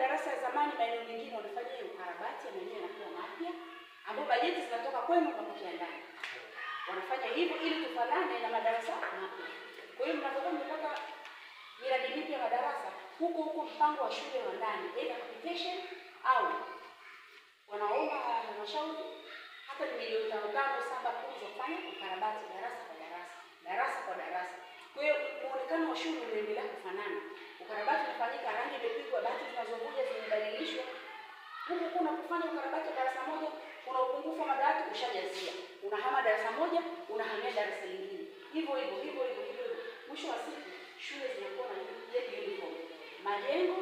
madarasa ya zamani maeneo mengine wanafanya hiyo ya maeneo yanakuwa mapya, ambapo bajeti zinatoka kwenu kwa mnapokea ndani. Wanafanya hivyo ili tufanane na madarasa mapya. Kwa hiyo mnapokuwa mmepata miradi mipya madarasa, huko huko mpango wa shule wa ndani, either application au wanaomba halmashauri hata ni milioni tano tano saba kumi za kufanya ukarabati darasa kwa darasa, darasa kwa darasa. Kwa hiyo muonekano wa shule unaendelea kufanana ukarabati kufanyika, rangi imepigwa, bati zinazongoja zimebadilishwa, huku kuna kufanya ukarabati wa darasa moja, kuna upungufu wa madawati, ushajazia, unahama darasa moja, unahamia darasa lingine, hivyo hivyo hivyo hivyo hivyo. Mwisho wa siku shule zinakuwa na uniform majengo,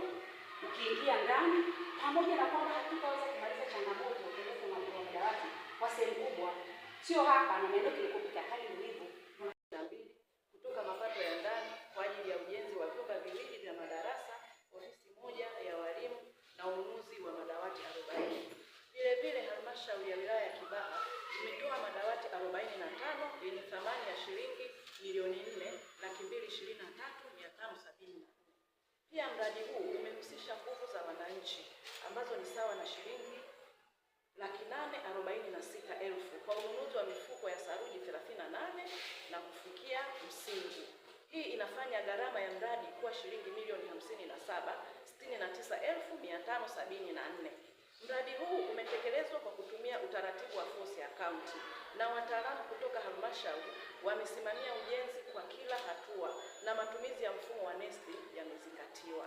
ukiingia ndani, pamoja na kwamba hatutaweza kumaliza changamoto ya madawati kwa sehemu kubwa, sio hapa na maeneo tulikopita, hali ilivyo halmashauri ya wilaya ya Kibaha imetoa madawati 45 yenye thamani ya shilingi milioni 4 laki na Pia mradi huu umehusisha nguvu za wananchi ambazo ni sawa na shilingi laki elfu kwa ununuzi wa mifuko ya saruji 38 na kufukia msingi. Hii inafanya gharama ya mradi kuwa shilingi milioni 57 na na kaunti na wataalamu kutoka halmashauri wamesimamia ujenzi kwa kila hatua na matumizi ya mfumo wa nesti yamezingatiwa.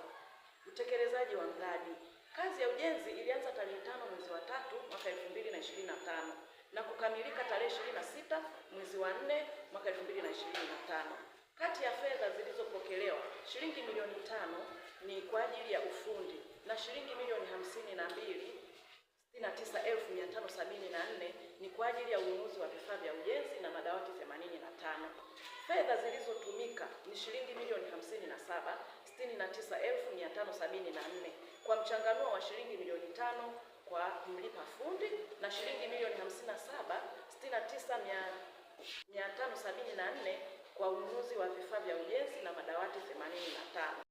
Utekelezaji wa mradi. Kazi ya ujenzi ilianza tarehe tano mwezi wa tatu mwaka elfu mbili na, ishirini na tano na kukamilika tarehe ishirini na sita mwezi wa nne mwaka elfu mbili na na ishirini tano. Kati ya fedha zilizopokelewa shilingi milioni tano ni kwa ajili ya ufundi na shilingi milioni hamsini na mbili sitini na tisa elfu mia tano sabini na nne kwa ajili ya ununuzi wa vifaa vya ujenzi na madawati 85. Fedha zilizotumika ni shilingi milioni 57 69574 kwa mchanganuo wa shilingi milioni tano kwa mlipa fundi na shilingi milioni 57 69574 kwa ununuzi wa vifaa vya ujenzi na madawati 85.